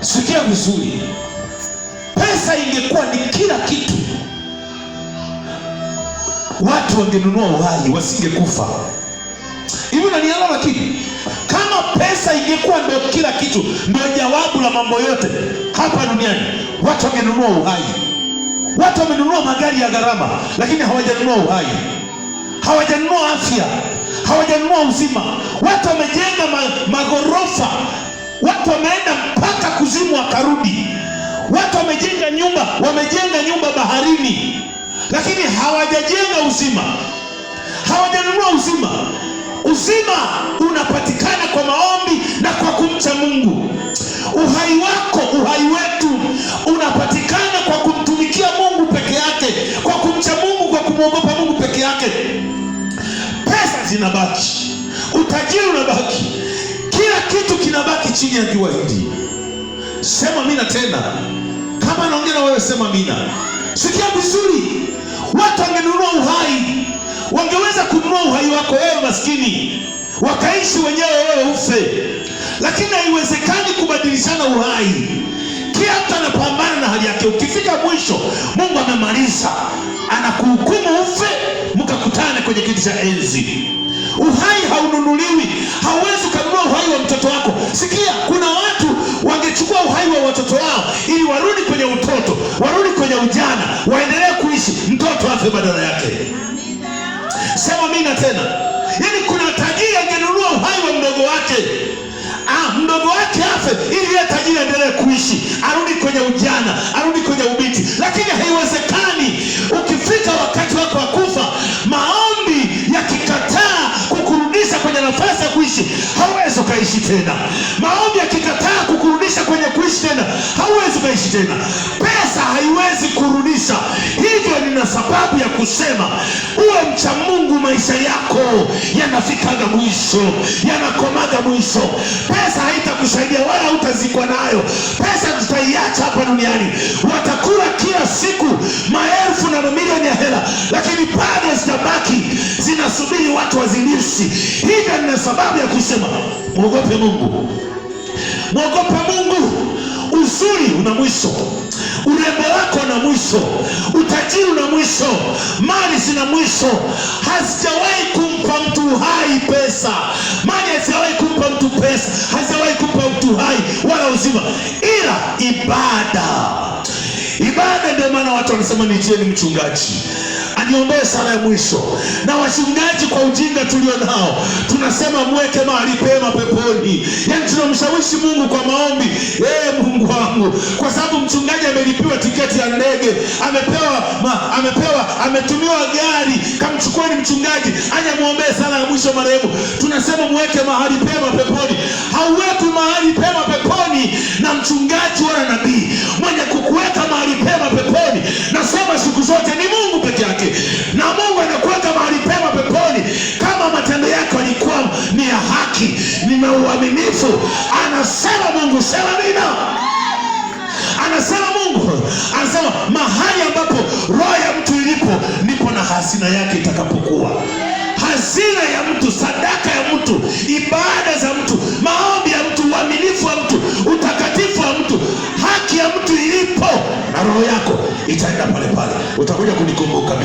Sikia vizuri, pesa ingekuwa ni kila kitu, watu wangenunua uhai, wasingekufa. Hivi unanielewa? Lakini kama pesa ingekuwa ndio kila kitu, ndio jawabu la mambo yote hapa duniani, watu wangenunua uhai. Watu wamenunua magari ya gharama, lakini hawajanunua uhai, hawajanunua afya, hawajanunua uzima. Watu wamejenga ma watu wameenda wakarudi. Watu wamejenga nyumba, wamejenga nyumba baharini, lakini hawajajenga uzima, hawajanunua uzima. Uzima unapatikana kwa maombi na kwa kumcha Mungu. Uhai wako, uhai wetu unapatikana kwa kumtumikia Mungu peke yake, kwa kumcha Mungu, kwa kumwogopa Mungu peke yake. Pesa zinabaki, utajiri unabaki, kila kitu kinabaki chini ya jua hili sema mina tena. Kama naongea na wewe sema mina. Sikia vizuri, watu wangenunua uhai, wangeweza kununua uhai wako wewe maskini, wakaishi wenyewe, wewe ufe, lakini haiwezekani kubadilishana uhai. Kila mtu anapambana na hali yake. Ukifika mwisho, Mungu amemaliza, anakuhukumu ufe, mkakutane kwenye kiti cha enzi. Uhai haununuliwi, hauwezi laana, waendelee kuishi, mtoto afe badala yake. Sema mina tena, yaani kuna tajiri angenunua uhai wa mdogo wake Ah, mdogo wake afe ili yeye tajiri aendelee kuishi, arudi kwenye ujana, arudi kwenye ubiti, lakini haiwezekani. Ukifika wakati wako wa kufa, maombi yakikataa kukurudisha kwenye nafasi ya kuishi, hauwezi ukaishi tena. Maombi yakikataa kukurudisha kwenye kuishi tena, hauwezi ukaishi tena. Pesa kabisa. Hivyo nina sababu ya kusema uwe mcha Mungu, maisha yako yanafikaga mwisho, yanakomaga mwisho. Pesa haitakusaidia wala utazikwa nayo. Pesa tutaiacha hapa duniani, watakula kila siku maelfu na mamilioni ya hela, lakini bado zitabaki zinasubiri watu wazilisi. Hivyo nina sababu ya kusema mwogope Mungu, mwogope Mungu. Uzuri una mwisho, urembo wako una mwisho, utajiri una mwisho, mali zina mwisho. Hazijawahi kumpa mtu hai pesa, mali hazijawahi kumpa mtu pesa, hazijawahi kumpa mtu hai wala uzima, ila ibada. Ibada ndio maana watu wanasema niitieni mchungaji aniombee sala ya mwisho, na wachungaji kwa ujinga tulio nao, tunasema mweke mahali pema peponi. Yani tunamshawishi Mungu kwa maombi. Ee Mungu wangu, kwa sababu mchungaji amelipiwa tiketi ya ndege, amepewa ma, amepewa ametumiwa gari, kamchukueni mchungaji aje muombee sana ya mwisho marehemu. Tunasema mweke mahali pema peponi. Hauweki mahali pema peponi na mchungaji wala nabii mwenye nina uaminifu. Anasema Mungu, sema nina, anasema Mungu, anasema mahali ambapo roho ya mtu ilipo, ndipo na hazina yake itakapokuwa. Hazina ya mtu, sadaka ya mtu, ibada za mtu, maombi ya mtu, uaminifu wa mtu, utakatifu wa mtu, haki ya mtu ilipo, na roho yako itaenda pale pale. Utakuja kunikumbuka mimi.